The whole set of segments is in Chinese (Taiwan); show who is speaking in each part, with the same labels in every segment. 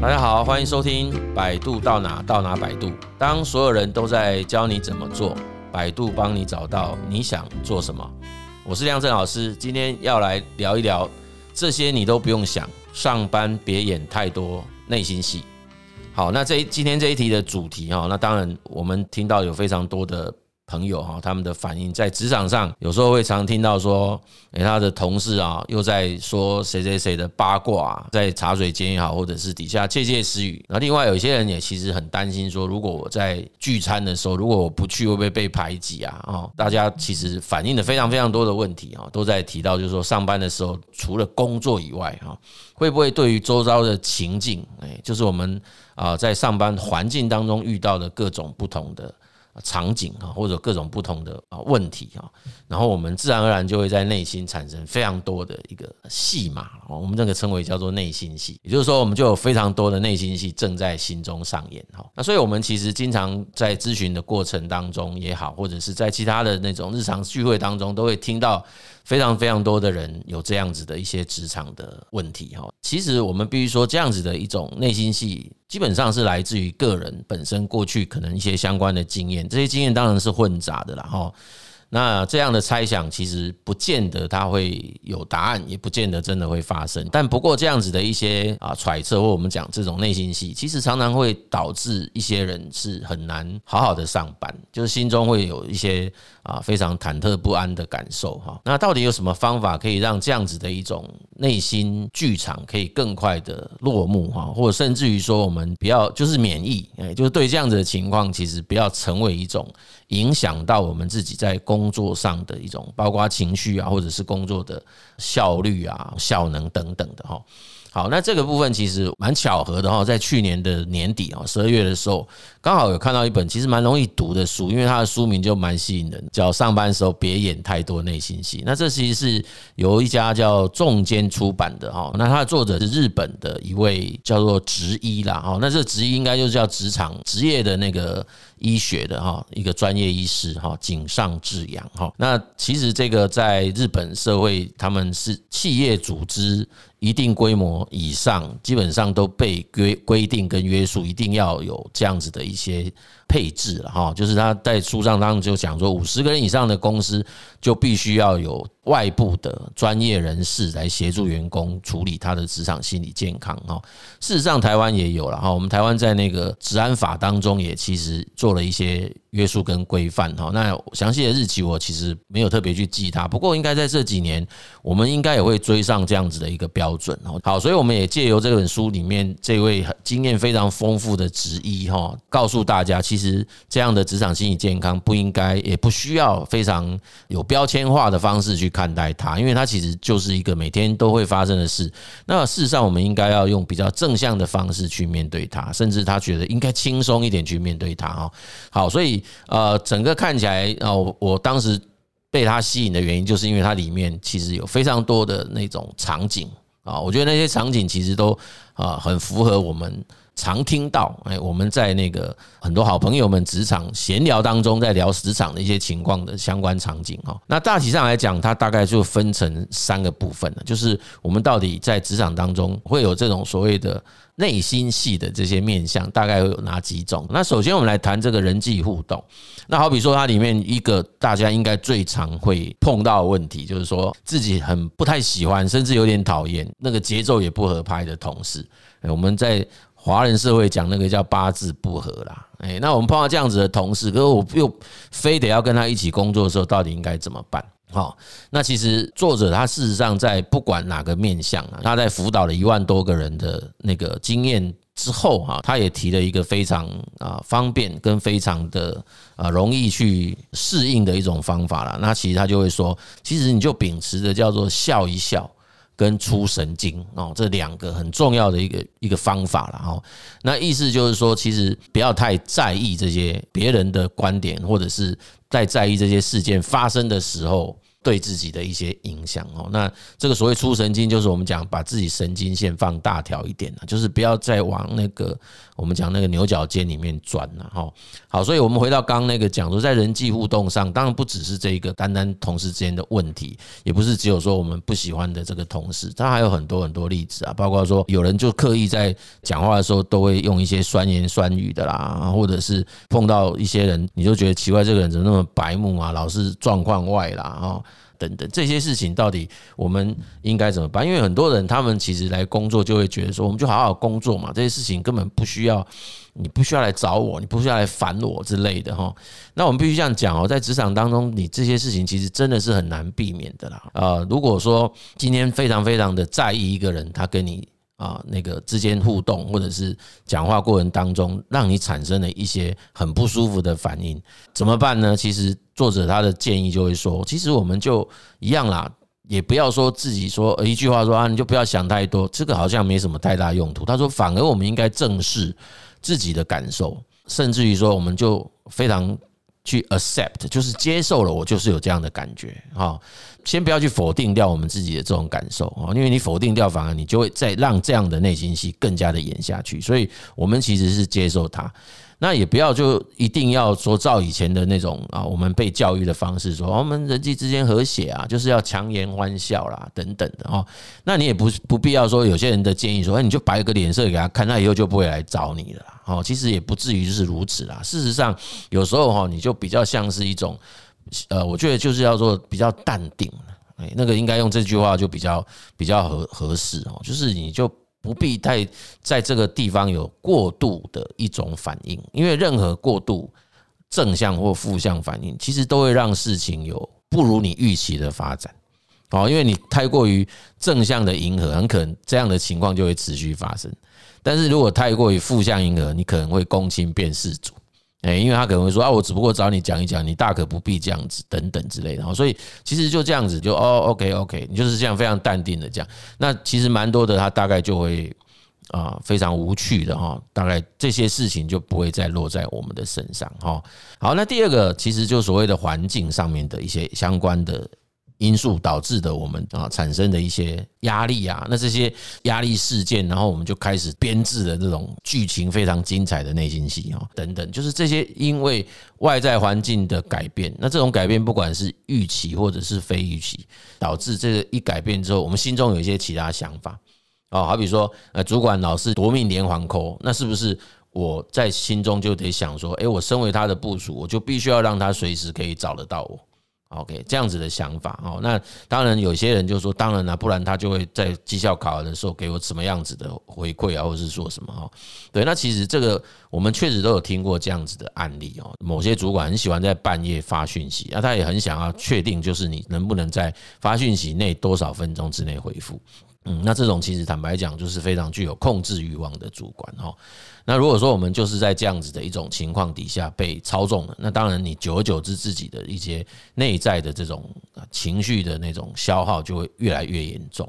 Speaker 1: 大家好，歡迎收聽《擺渡到哪到哪擺渡》。當所有人都在教你怎麼做，擺渡幫你找到你想做什麼。我是亮正老師，今天要來聊一聊這些你都不用想，上班別演太多內心戲。好，那這今天這一題的主題哈，那當然我們聽到有非常多的。朋友哈，他們的反應在職場上有時候會常聽到說，誒，他的同事啊又在說誰誰誰的八卦，在茶水間也好，或者是底下竊竊私語。那另外有些人也其實很擔心說，如果我在聚餐的時候，如果我不去，會不會被排擠啊？哦，大家其實反映的非常非常多的問題啊，都在提到就是說，上班的時候除了工作以外哈，會不會對於周遭的情境，誒，就是我們啊在上班環境當中遇到的各種不同的。場景啊，或者各種不同的啊問題啊。然後我們自然而然就會在內心產生非常多的一個戲碼，我們這個稱為叫做內心戲，也就是說我們就有非常多的內心戲正在心中上演哈。那所以我們其實經常在諮詢的過程當中也好，或者是在其他的那種日常聚會當中，都會聽到。非常非常多的人有這樣子的一些職場的問題，哈。其實我們必須說，這樣子的一種內心戲，基本上是來自於個人本身過去可能一些相關的經驗，這些經驗當然是混雜的了，哈。那這樣的猜想其實不見得它會有答案，也不見得真的會發生。但不過這樣子的一些啊揣測，或我們講這種內心戲，其實常常會導致一些人是很難好好的上班，就是心中會有一些啊非常忐忑不安的感受哈。那到底有什麼方法可以讓這樣子的一種內心劇場可以更快的落幕哈？或者甚至於說，我們不要就是免疫，哎，就是對這樣子的情況，其實不要成為一種影響到我們自己在工。工作上的一種，包括情緒啊，或者是工作的效率啊、效能等等的哈。好，那這個部分其實蠻巧合的哈，在去年的年底啊，十二月的時候，剛好有看到一本其實蠻容易讀的書，因為它的書名就蠻吸引人，叫《上班時候別演太多內心戲》。那這其實是由一家叫仲間出版的哈，那它的作者是日本的一位叫做職醫啦哈，那這職醫應該就是叫職場職業的那個。醫學的哈，一個專業醫師哈，井上治洋哈，那其實這個在日本社會，他們是企業組織一定規模以上基本上都被規規定跟約束，一定要有這樣子的一些。配置了哈，就是他在書上當中就講說，五十個人以上的公司就必須要有外部的專業人士來協助員工處理他的職場心理健康哈。事實上，台灣也有了哈，我們台灣在那個職安法當中也其實做了一些。約束跟規範哈，那詳細的日期我其實沒有特別去記它，不過應該在這幾年，我們應該也會追上這樣子的一個標準哦。好，所以我們也借由這本書裡面這位經驗非常豐富的職醫哈，告訴大家，其實這樣的職場心理健康不應該也不需要非常有標籤化的方式去看待它，因為它其實就是一個每天都會發生的事。那事實上，我們應該要用比較正向的方式去面對它，甚至他覺得應該輕鬆一點去面對它哦。好，所以。呃，整個看起來啊，我我當時被它吸引的原因，就是因為它裡面其實有非常多的那種場景啊，我覺得那些場景其實都啊很符合我們。常聽到誒，我們在那個很多好朋友們職場閒聊當中，在聊職場的一些情況的相關場景哈。那大體上來講，它大概就分成三個部分了，就是我們到底在職場當中會有這種所謂的內心戲的這些面向，大概會有哪幾種？那首先我們來談這個人際互動。那好比說，它裡面一個大家應該最常會碰到的問題，就是說自己很不太喜歡，甚至有點討厭那個節奏也不合拍的同事。誒，我們在華人社會講那個叫八字不合啦，哎，那我們碰到這樣子的同事，可是我又非得要跟他一起工作的時候，到底應該怎麼辦？好，那其實作者他事實上在不管哪個面向啊，他在輔導了一萬多個人的那個經驗之後哈，他也提了一個非常啊方便跟非常的啊容易去適應的一種方法啦。那其實他就會說，其實你就秉持着叫做笑一笑。跟出神經哦，這兩個很重要的一個一個方法了哦。那意思就是說，其實不要太在意這些別人的觀點，或者是太在意這些事件發生的時候。對自己的一些影響哦，那這個所謂粗神經就是我們講把自己神經線放大條一點了，就是不要再往那個我們講那個牛角尖裡面鑽了哈。好，所以我們回到剛剛那個講說，在人際互動上，當然不只是這一個，單單同事之間的問題，也不是只有說我們不喜歡的這個同事，他還有很多很多例子啊，包括說有人就刻意在講話的時候都會用一些酸言酸語的啦，或者是碰到一些人你就覺得奇怪，這個人怎麼那麼白目啊，老是狀況外啦，啊。等等，這些事情到底我們應該怎麼辦？因為很多人他們其實來工作就會覺得說，我們就好好的工作嘛，這些事情根本不需要，你不需要來找我，你不需要來煩我之類的哈。那我們必須這樣講哦，在職場當中，你這些事情其實真的是很難避免的啦。呃，如果說今天非常非常的在意一個人，他跟你。啊，那個之間互動，或者是講話過程當中，讓你產生了一些很不舒服的反應，怎麼辦呢？其實作者他的建議就會說，其實我們就一樣啦，也不要說自己說一句話說啊，你就不要想太多，這個好像沒什麼太大用途。他說，反而我們應該正視自己的感受，甚至於說，我們就非常。去 accept 就是接受了，我就是有這樣的感覺啊。先不要去否定掉我們自己的這種感受啊，因為你否定掉，反而你就會再讓這樣的內心戲更加的演下去。所以我們其實是接受它。那也不要就一定要說照以前的那種啊，我們被教育的方式說我們人際之間和諧啊，就是要強顏歡笑啦等等的哦。那你也不不必要說有些人的建議說，哎，你就擺個臉色給他看，那以後就不會來找你了哦。其實也不至於就是如此啦。事實上，有時候哈，你就比較像是一種呃，我覺得就是要做比較淡定。哎，那個應該用這句話就比較比較合合適哦，就是你就。不必太在，在這個地方有過度的一種反應，因為任何過度正向或負向反應，其實都會讓事情有不如你預期的發展。好，因為你太過於正向的迎合，很可能這樣的情況就會持續發生。但是如果太過於負向迎合，你可能會公親變事主。哎，因為他可能會說啊，我只不過找你講一講，你大可不必這樣子，等等之類的。所以其實就這樣子，就哦 OK，OK，OK，OK 你就是這樣非常淡定的這樣。那其實蠻多的，他大概就會啊，非常無趣的哈，大概這些事情就不會再落在我們的身上哈。好，那第二個其實就所謂的環境上面的一些相關的。因素導致的我們啊產生的一些壓力啊，那這些壓力事件，然後我們就開始編織了這種劇情非常精彩的內心戲啊，等等，就是這些因為外在環境的改變，那這種改變不管是預期或者是非預期，導致這個一改變之後，我們心中有一些其他想法哦，好比說呃，主管老是奪命連環 call，那是不是我在心中就得想說，哎，我身為他的部屬，我就必須要讓他隨時可以找得到我。OK，這樣子的想法哦，那當然有些人就說，當然了、啊，不然他就會在績效考核的時候給我什麼樣子的回饋啊，或是說什麼啊。對，那其實這個我們確實都有聽過這樣子的案例哦。某些主管很喜歡在半夜發訊息，那、啊、他也很想要確定就是你能不能在發訊息內多少分鐘之內回復。嗯，那這種其實坦白講就是非常具有控制欲望的主管哦。那如果說我們就是在這樣子的一種情況底下被操縱了，那當然你久而久之自己的一些內在的這種情緒的那種消耗就會越來越嚴重。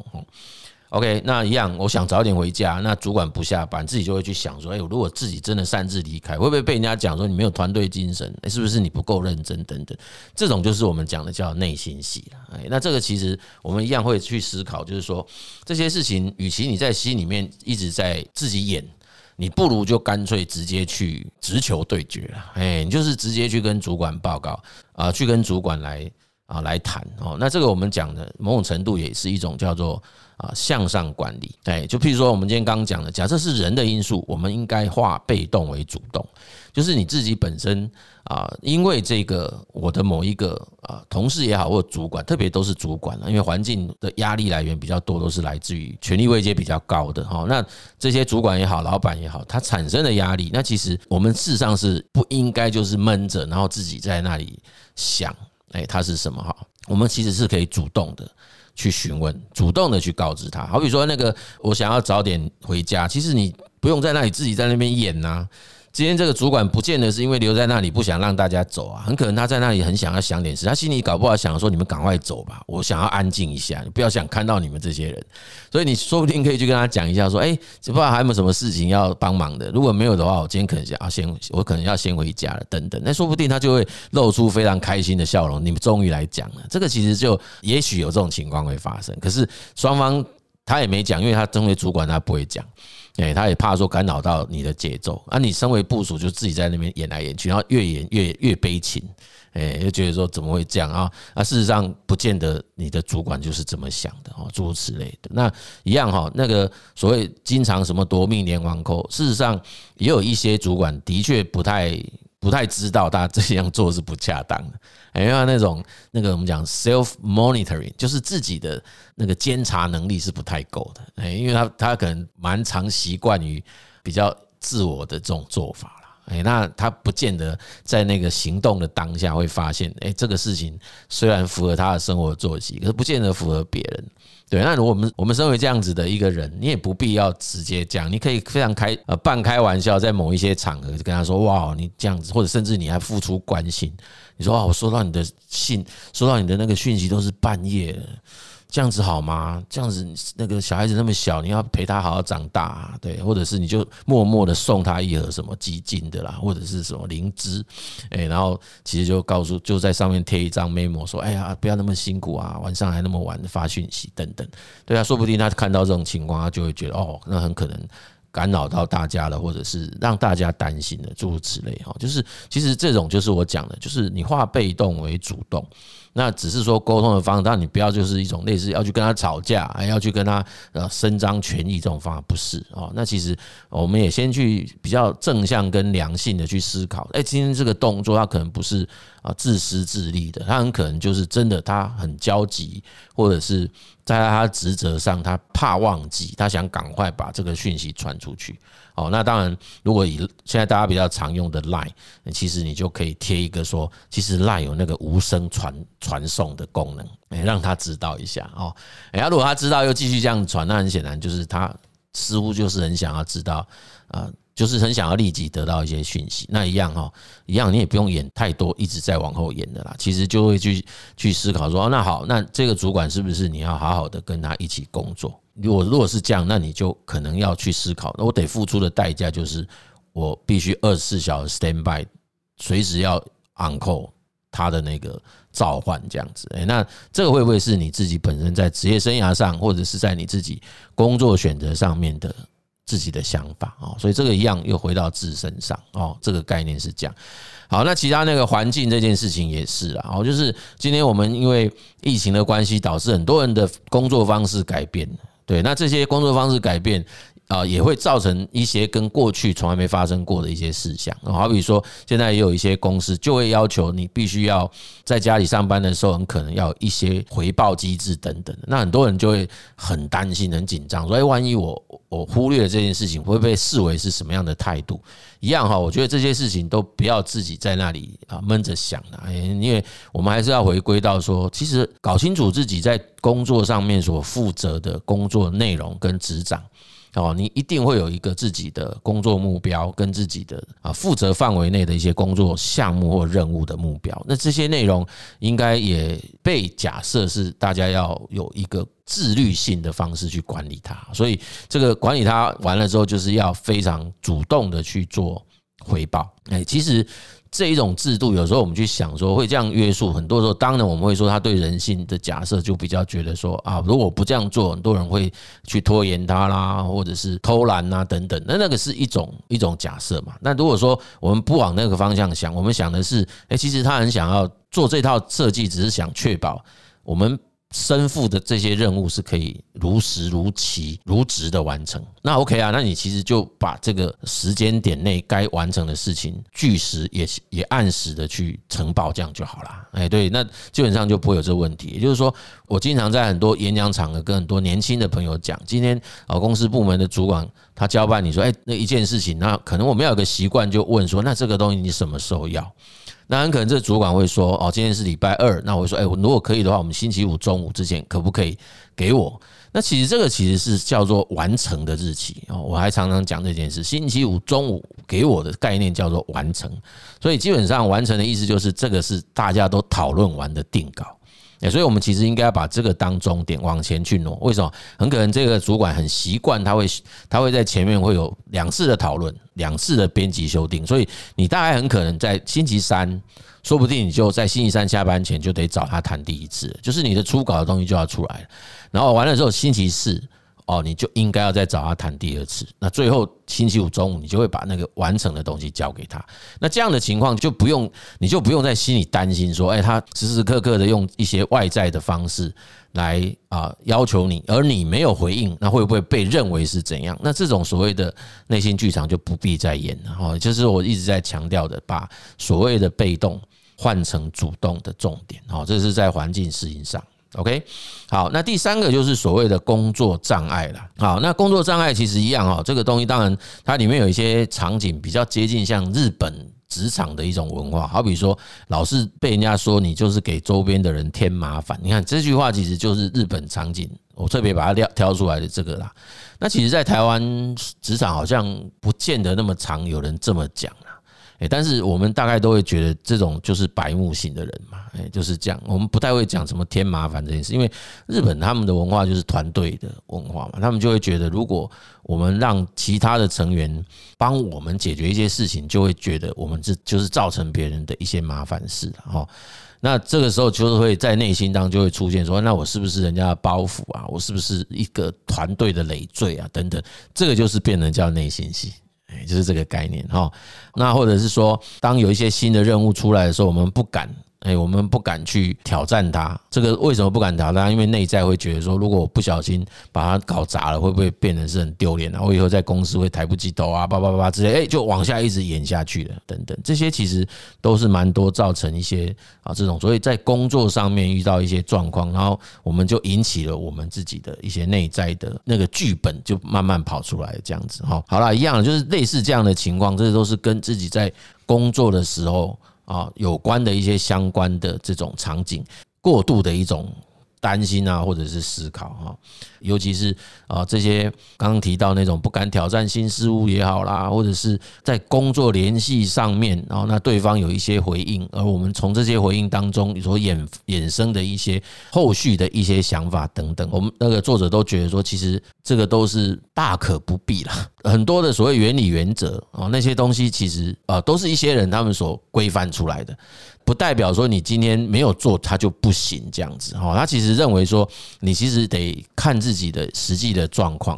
Speaker 1: OK，那一樣，我想早點回家，那主管不下班，自己就會去想說：哎，如果自己真的擅自離開，會不會被人家講說你沒有團隊精神？是不是你不夠認真？等等，這種就是我們講的叫內心戲了。那這個其實我們一樣會去思考，就是說這些事情，與其你在心裡面一直在自己演。你不如就乾脆直接去直球對決了，哎，你就是直接去跟主管報告啊，去跟主管來啊來談哦。那這個我們講的某種程度也是一種叫做啊向上管理，哎，就譬如說我們今天剛剛講的，假設是人的因素，我們應該化被動為主動。就是你自己本身啊，因為這個我的某一個啊同事也好，或者主管，特別都是主管了，因為環境的壓力來源比較多，都是來自於權力位階比較高的哈。那這些主管也好，老板也好，他產生的壓力，那其實我們事實上是不應該就是悶着，然後自己在那裡想，哎，他是什麼哈？我們其實是可以主動的去詢問，主動的去告知他。好比說那個我想要早點回家，其實你不用在那裡自己在那邊演吶啊。今天這個主管不見得是因為留在那裡不想讓大家走啊，很可能他在那裡很想要想點事，他心裡搞不好想說你們趕快走吧，我想要安靜一下，不要想看到你們這些人，所以你說不定可以去跟他講一下，說誒，這不知道還有沒有什麼事情要幫忙的，如果沒有的話，我今天可能想要先我可能要先回家了等等，那說不定他就會露出非常開心的笑容，你們終於來講了，這個其實就也許有這種情況會發生，可是雙方。他也沒講，因為他身為主管，他不會講。哎，他也怕說干擾到你的節奏。啊，你身為部屬，就自己在那邊演來演去，然後越演越越悲情。哎，就覺得說怎麼會這樣啊？事實上不見得你的主管就是怎麼想的，諸如此類的。那一樣哈，那個所謂經常什麼奪命連環扣，事實上也有一些主管的確不太不太知道，他這樣做是不恰當的。沒有那種那個我們講 self monitoring，就是自己的那個監察能力是不太夠的，哎，因為他他可能蠻常習慣於比較自我的這種做法。哎、欸，那他不見得在那個行動的當下會發現，誒、欸，這個事情雖然符合他的生活作息，可是不見得符合別人。對，那如果我們我們身為這樣子的一個人，你也不必要直接講，你可以非常開呃半開玩笑，在某一些場合就跟他說，哇，你這樣子，或者甚至你還付出關心，你說，哇，我收到你的信，收到你的那個訊息都是半夜了。這樣子好嗎？這樣子那個小孩子那麼小，你要陪他好好長大啊，對，或者是你就默默的送他一盒什麼雞精的啦，或者是什麼靈芝，哎，然後其實就告訴，就在上面貼一張 memo 說，哎呀，不要那麼辛苦啊，晚上還那麼晚發訊息等等，對啊，說不定他看到這種情況，他就會覺得哦，那很可能干擾到大家了，或者是讓大家擔心的，諸如此類哈，就是其實這種就是我講的，就是你化被動為主動。那只是說溝通的方式，但你不要就是一種類似要去跟他吵架，還要去跟他呃伸張權益這種方法不是哦。那其實我們也先去比較正向跟良性的去思考，哎，今天這個動作它可能不是。啊，自私自利的，他很可能就是真的，他很焦急，或者是在他職責上，他怕忘記，他想趕快把這個訊息傳出去。哦，那當然，如果以現在大家比較常用的 Line，其實你就可以貼一個說，其實 Line 有那個無聲傳傳送的功能，讓他知道一下哦。如果他知道又繼續這樣傳，那很顯然就是他似乎就是很想要知道，啊。就是很想要立即得到一些訊息，那一樣哈、喔，一樣你也不用演太多，一直在往後演的啦。其實就會去去思考說，那好，那這個主管是不是你要好好的跟他一起工作？如果如果是這樣，那你就可能要去思考，那我得付出的代價就是我必須二十四小時 stand by，隨時要 uncle 他的那個召喚，這樣子、欸。那這個會不會是你自己本身在職業生涯上，或者是在你自己工作選擇上面的？自己的想法哦，所以這個一樣又回到自身上哦，這個概念是這樣。好，那其他那個環境這件事情也是啊，哦，就是今天我們因為疫情的關係，導致很多人的工作方式改變。對，那這些工作方式改變。啊，也會造成一些跟過去從來沒發生過的一些事項。好比說，現在也有一些公司就會要求你必須要在家裡上班的時候，很可能要一些回報機制等等。那很多人就會很擔心、很緊張，說：“哎，萬一我我忽略了這件事情，會被視為是什麼樣的態度？”一樣哈，我覺得這些事情都不要自己在那裡啊悶着想的，因為我們還是要回歸到說，其實搞清楚自己在工作上面所負責的工作內容跟職掌。哦，你一定會有一個自己的工作目標，跟自己的啊負責範圍內的一些工作項目或任務的目標。那這些內容應該也被假設是大家要有一個自律性的方式去管理它。所以這個管理它完了之後，就是要非常主動的去做回報。哎，其實。這一種制度，有時候我們去想說會這樣約束。很多時候當然我們會說他對人性的假設就比較覺得說啊，如果不這樣做，很多人會去拖延他啦，或者是偷懶啊等等。那那個是一種一種假設嘛。那如果說我們不往那個方向想，我們想的是，哎，其實他很想要做這套設計，只是想確保我們。身負的這些任務是可以如實、如期、如質的完成，那 OK 啊，那你其實就把這個時間點內該完成的事情據，據實也也按時的去呈報，這樣就好了。哎，對，那基本上就不會有這個問題。也就是說，我經常在很多演講場合跟很多年輕的朋友講，今天啊，公司部門的主管他交辦你說，哎，那一件事情，那可能我們要有一個習慣，就問說，那這個東西你什麼時候要？那很可能這主管會說，哦，今天是禮拜二，那我會說，誒，如果可以的話，我們星期五中午之前可不可以給我？那其實這個其實是叫做完成的日期哦。我還常常講這件事，星期五中午給我的概念叫做完成，所以基本上完成的意思就是這個是大家都討論完的定稿。哎，所以我們其實應該要把這個當重點往前去挪。為什麼？很可能這個主管很習慣，他會他會在前面會有兩次的討論，兩次的編輯修訂。所以你大概很可能在星期三，說不定你就在星期三下班前就得找他談第一次，就是你的初稿的東西就要出來。然後完了之後，星期四。哦，你就應該要再找他談第二次。那最後星期五中午，你就會把那個完成的東西交給他。那這樣的情況就不用，你就不用在心裡擔心說，哎，他時時刻刻的用一些外在的方式來啊要求你，而你沒有回應，那會不會被認為是怎樣？那這種所謂的內心劇場就不必再演了。哦，就是我一直在強調的，把所謂的被動換成主動的重點。哦，這是在環境適應上。OK，好，那第三個就是所謂的工作障礙了。好，那工作障礙其實一樣哦，這個東西當然它裡面有一些場景比較接近像日本職場的一種文化，好比說老是被人家說你就是給周邊的人添麻煩，你看這句話其實就是日本場景，我特別把它挑挑出來的這個啦。那其實，在台灣職場好像不見得那麼常有人這麼講。但是我們大概都會覺得這種就是白目型的人嘛，就是這樣。我們不太會講什麼添麻煩這件事，因為日本他們的文化就是團隊的文化嘛，他們就會覺得，如果我們讓其他的成員幫我們解決一些事情，就會覺得我們這就是造成別人的一些麻煩事哦、啊。那這個時候就會在內心當中就會出現說，那我是不是人家的包袱啊？我是不是一個團隊的累贅啊？等等，這個就是變成叫內心戲。就是這個概念哈，那或者是說，當有一些新的任務出來的時候，我們不敢。哎，欸、我們不敢去挑戰他，這個為什麼不敢挑戰？因為內在會覺得說，如果我不小心把它搞砸了，會不會變成是很丟臉，然後我以後在公司會抬不起頭啊，叭叭叭叭之類，哎，就往下一直演下去了。等等，這些其實都是蠻多造成一些啊這種，所以在工作上面遇到一些狀況，然後我們就引起了我們自己的一些內在的那個劇本，就慢慢跑出來這樣子哈。好了，一樣的，就是類似這樣的情況，這些都是跟自己在工作的時候。啊，有關的一些相關的這種場景，過度的一種。擔心啊，或者是思考啊，尤其是啊，這些剛剛提到那種不敢挑戰新事物也好啦，或者是在工作聯繫上面，然後那對方有一些回應，而我們從這些回應當中所衍衍生的一些後續的一些想法等等，我們那個作者都覺得說，其實這個都是大可不必啦。很多的所謂原理原則啊，那些東西其實啊，都是一些人他們所規範出來的。不代表說你今天沒有做，他就不行這樣子哈。他其實認為說，你其實得看自己的實際的狀況。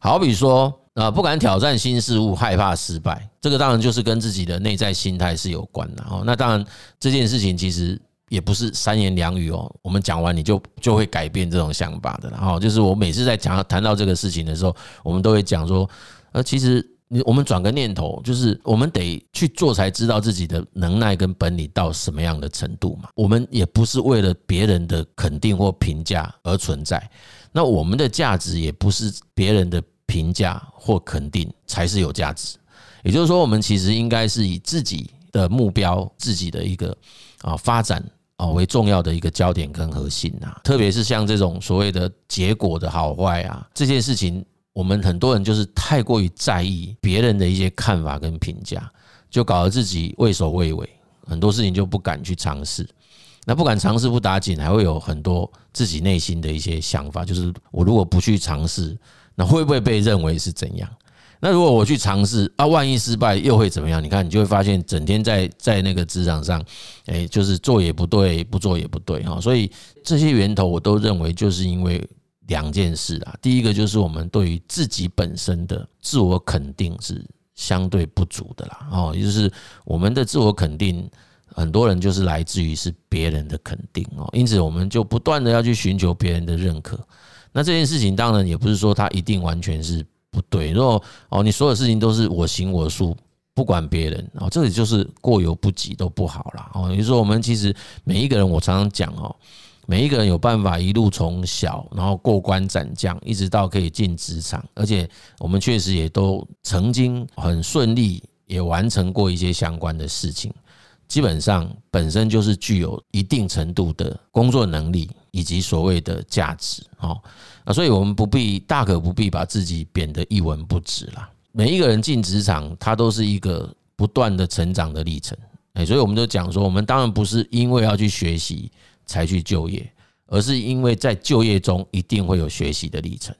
Speaker 1: 好比說，啊，不敢挑戰新事物，害怕失敗，這個當然就是跟自己的內在心態是有關的哦。那當然，這件事情其實也不是三言兩語哦，我們講完你就就會改變這種想法的哈。就是我每次在講談到這個事情的時候，我們都會講說，呃，其實。你我們轉個念頭，就是我們得去做，才知道自己的能耐跟本領到什麼樣的程度嘛。我們也不是為了別人的肯定或評價而存在，那我們的價值也不是別人的評價或肯定才是有價值。也就是說，我們其實應該是以自己的目標、自己的一個啊發展啊為重要的一個焦點跟核心吶，啊，特別是像這種所謂的結果的好壞啊這件事情。我們很多人就是太過於在意別人的一些看法跟評價，就搞得自己畏首畏尾，很多事情就不敢去嘗試。那不敢嘗試不打緊，還會有很多自己內心的一些想法，就是我如果不去嘗試，那會不會被認為是怎樣？那如果我去嘗試，啊，萬一失敗又會怎麼樣？你看，你就會發現，整天在在那個職場上，誒，就是做也不對，不做也不對，哈。所以這些源頭，我都認為就是因為。兩件事啦，第一個就是我們對於自己本身的自我肯定是相對不足的啦，哦，也就是我們的自我肯定，很多人就是來自於是別人的肯定哦，因此我們就不斷的要去尋求別人的認可。那這件事情當然也不是說他一定完全是不對，如果哦你所有事情都是我行我素，不管別人哦，這裡就是過猶不及都不好啦。哦，也就是說我們其實每一個人，我常常講哦。每一個人有辦法一路從小，然後過關斬將，一直到可以進職場，而且我們確實也都曾經很順利，也完成過一些相關的事情。基本上本身就是具有一定程度的工作能力以及所謂的價值，啊，所以我們不必大可不必把自己貶得一文不值了。每一個人進職場，他都是一個不斷的成長的歷程，哎，所以我們就講說，我們當然不是因為要去學習。才去就業，而是因為在就業中一定會有學習的歷程。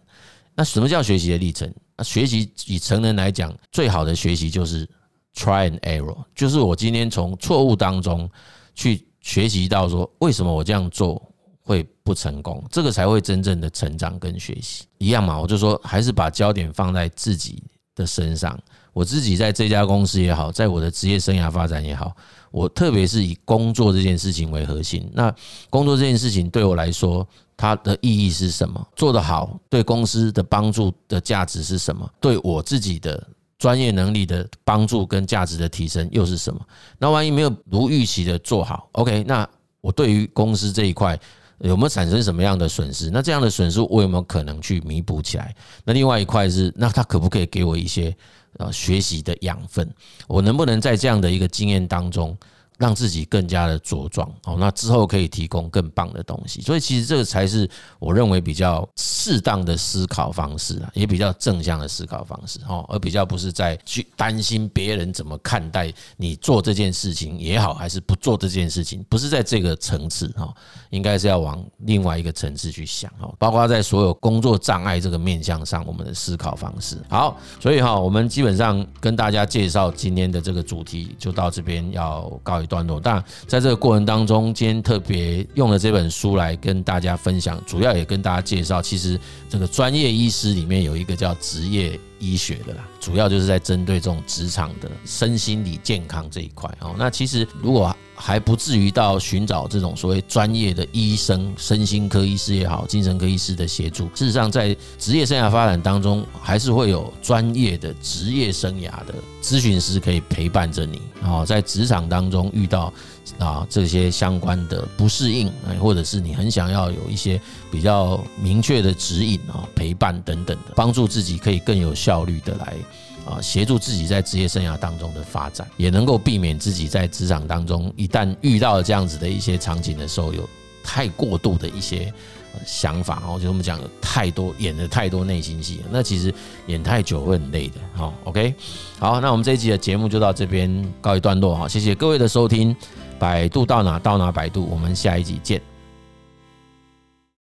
Speaker 1: 那什麼叫學習的歷程？那學習以成人來講，最好的學習就是 try and error，就是我今天從錯誤當中去學習到說，為什麼我這樣做會不成功，這個才會真正的成長跟學習一樣嘛。我就說，還是把焦點放在自己的身上。我自己在這家公司也好，在我的職業生涯發展也好。我特別是以工作這件事情為核心。那工作這件事情對我來說，它的意義是什麼？做得好對公司的幫助的價值是什麼？對我自己的專業能力的幫助跟價值的提升又是什麼？那萬一沒有如預期的做好，OK，那我對於公司這一塊有沒有產生什麼樣的損失？那這樣的損失我有沒有可能去彌補起來？那另外一塊是，那他可不可以給我一些？啊，學習的養分，我能不能在這樣的一個經驗當中，讓自己更加的茁壯哦，那之後可以提供更棒的東西，所以其實這個才是我認為比較適當的思考方式啊，也比較正向的思考方式哦，而比較不是在去擔心別人怎麼看待你做這件事情也好，還是不做這件事情，不是在這個層次哈，應該是要往另外一個層次去想哦，包括在所有工作障礙這個面向上，我們的思考方式好，所以哈，我們基本上跟大家介紹今天的這個主題就到這邊要告段落，但在這個過程當中，今天特別用了這本書來跟大家分享，主要也跟大家介紹，其實這個專業醫師裡面有一個叫職業醫師。醫學的啦，主要就是在針對這種職場的身心理健康這一塊哦。那其實如果還不至於到尋找這種所謂專業的醫生，身心科醫師也好、精神科醫師的協助，事實上在職業生涯發展當中，還是會有專業的職業生涯的諮詢師可以陪伴着你哦，在職場當中遇到。啊，這些相關的不適應，或者是你很想要有一些比較明確的指引啊、陪伴等等的，幫助自己可以更有效率的來啊，協助自己在職業生涯當中的發展，也能夠避免自己在職場當中一旦遇到了這樣子的一些場景的時候，有太過度的一些想法哦，就我們講有太多演了太多內心戲，那其實演太久會很累的哈。OK，好，那我們這一期的節目就到這邊告一段落哈，謝謝各位的收聽。擺渡到哪到哪，擺渡。我們下一集見。